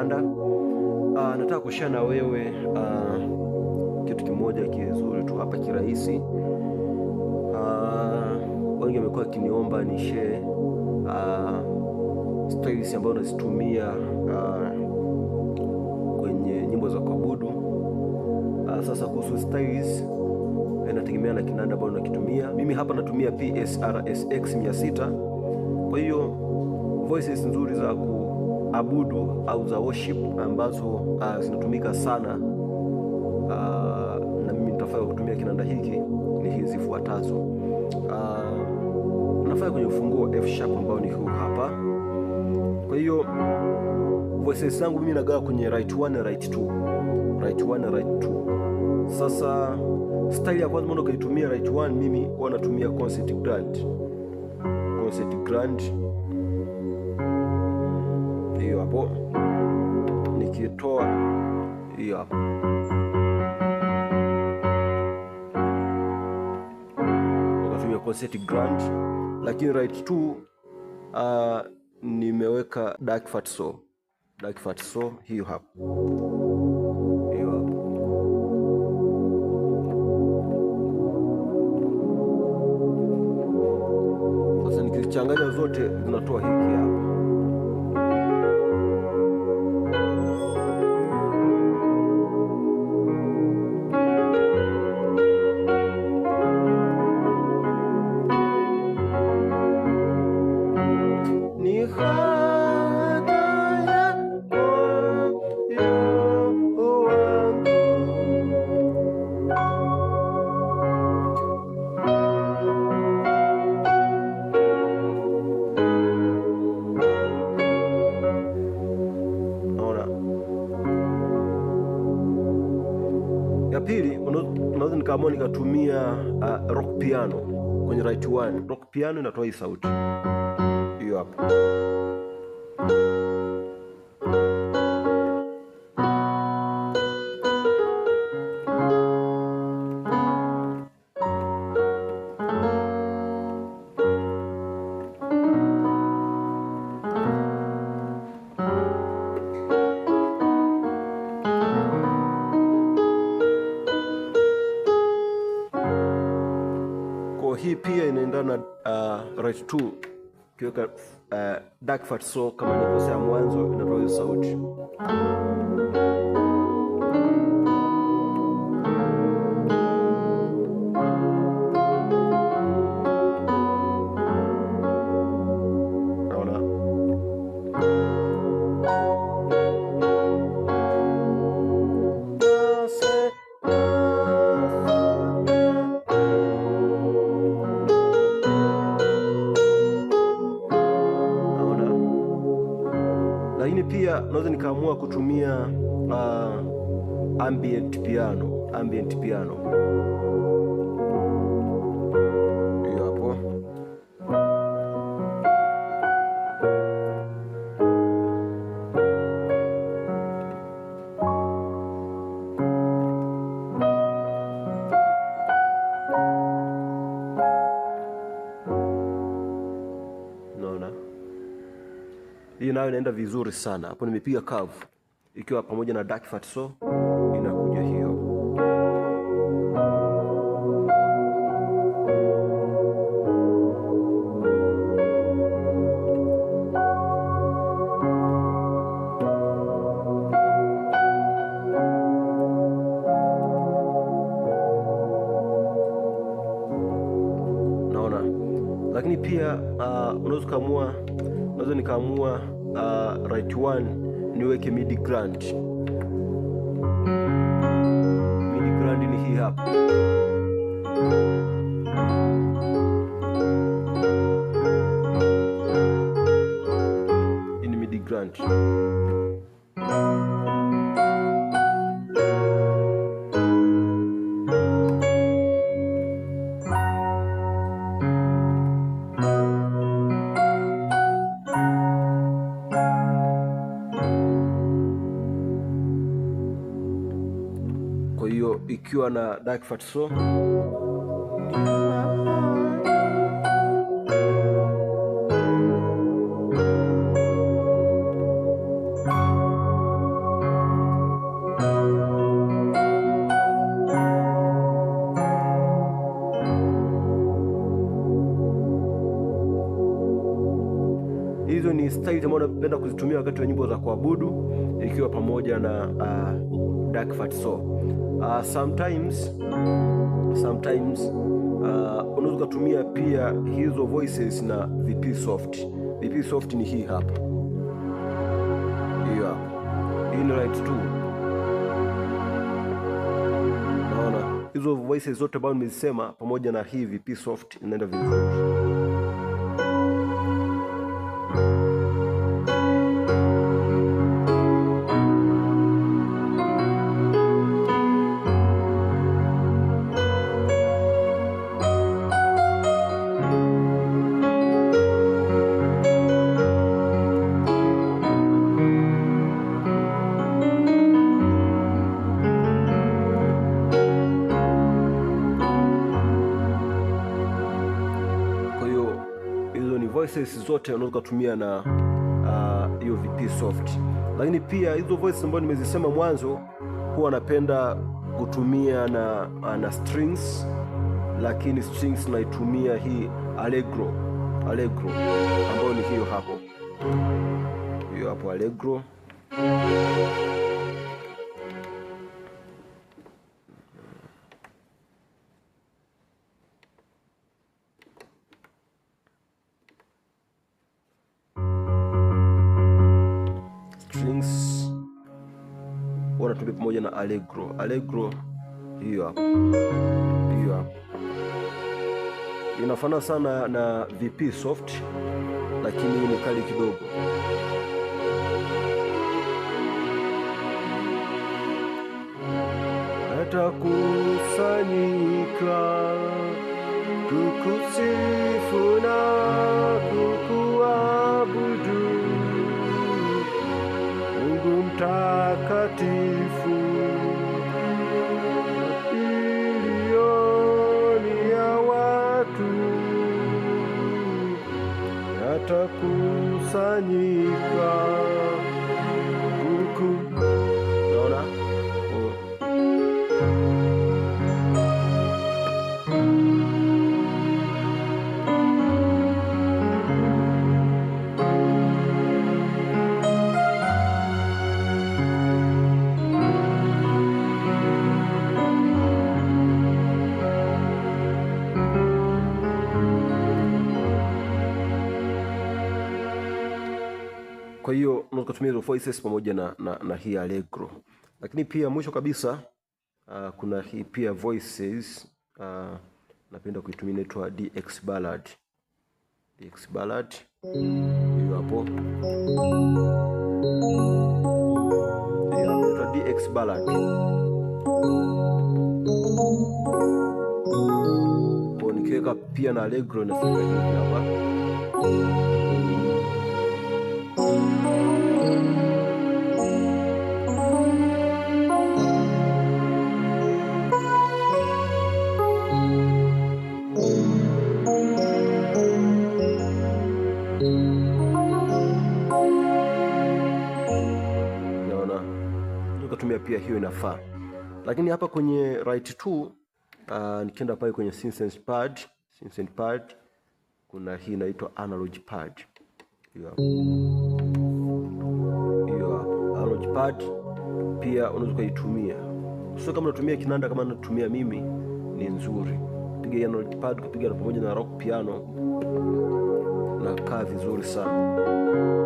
Uganda. Uh, ah, nataka kushare na wewe uh, kitu kimoja kizuri tu hapa kirahisi. Uh, wengi wamekuwa kiniomba ni share uh, stories ambazo nazitumia uh, kwenye nyimbo za kuabudu. Uh, sasa kuhusu stories inategemea eh, na kinanda ambayo nakitumia. Mimi hapa natumia PSRSX 600. Kwa hiyo voices nzuri za ku abudu au za worship ambazo uh, zinatumika sana uh, na mimi nitafaa kutumia kinanda hiki ni hizi zifuatazo. Uh, ah, nafanya kwenye ufunguo F sharp ambao ni huu hapa. Kwa hiyo voices zangu mimi nagawa kwenye right 1 na right 2, right 1 na right 2. Sasa style ya kwanza mbona ukaitumia right 1, mimi huwa natumia concert grand, concert grand hiyo hapo, nikitoa hiyo hapo ukatumia concert grand, lakini right tu uh, nimeweka dark fat so dark fat so hiyo hapo changanya zote zinatoa hiki hapa. nikaamua nikatumia uh, rock piano kwenye right one. Rock piano inatoa hii sauti hiyo hapo. hii pia inaendana uh, right to kiweka uh, dark fat so kama nilivyosema mwanzo inatoa sauti ah. pia naweza nikaamua kutumia uh, ambient piano ambient piano nayo inaenda vizuri sana hapo, nimepiga curve ikiwa pamoja na dark fat, so inakuja hiyo. Naona, lakini pia uh, unaweza ukaamua, unaweza nikaamua uh, right one niweke midi grand. Midi grand ni hii hapa ini midi grand. hiyo ikiwa na Dark Fat style ambayo napenda kuzitumia wakati wa nyimbo za kuabudu ikiwa pamoja na uh, Dark Fat so Uh, sometimes sometimes uh, unaweza kutumia pia hizo voices na VP soft. VP soft ni hii hapa, hiyo hapa, hii ni right tu. Naona hizo voices zote ambazo nimesema pamoja na hii VP soft inaenda vizuri. voices zote unaweza kutumia na uh, hiyo uh, VP Soft. Lakini pia hizo voices ambazo nimezisema mwanzo huwa napenda kutumia na, uh, na strings, lakini strings naitumia hii Allegro, Allegro ambayo ni hiyo hapo, hiyo hapo Allegro. na tuli pamoja na Allegro. Allegro hiyo hapo, hiyo hapo inafana sana na VP Soft, lakini ni kali kidogo. kusanyika tukusifu na kukuabudu Mungu mtakatifu. kusanika. Kwa hiyo unaweza kutumia hizo voices pamoja na, na, na hii Allegro, lakini pia mwisho kabisa uh, kuna hii pia voices uh, napenda kuitumia inaitwa DX Ballad. DX Ballad hiyo hapo inaitwa DX Ballad. Nikiweka pia na Allegro nafika hivi hapa pia hiyo inafaa, lakini hapa kwenye right to uh, ah, nikienda pale kwenye Sysense pad, Sysense pad kuna hii inaitwa analog pad. Hiyo hapo analog pad pia unaweza kuitumia, sio kama unatumia kinanda kama natumia mimi, ni nzuri piga analog pad, kupiga pamoja na rock piano na kaa vizuri sana.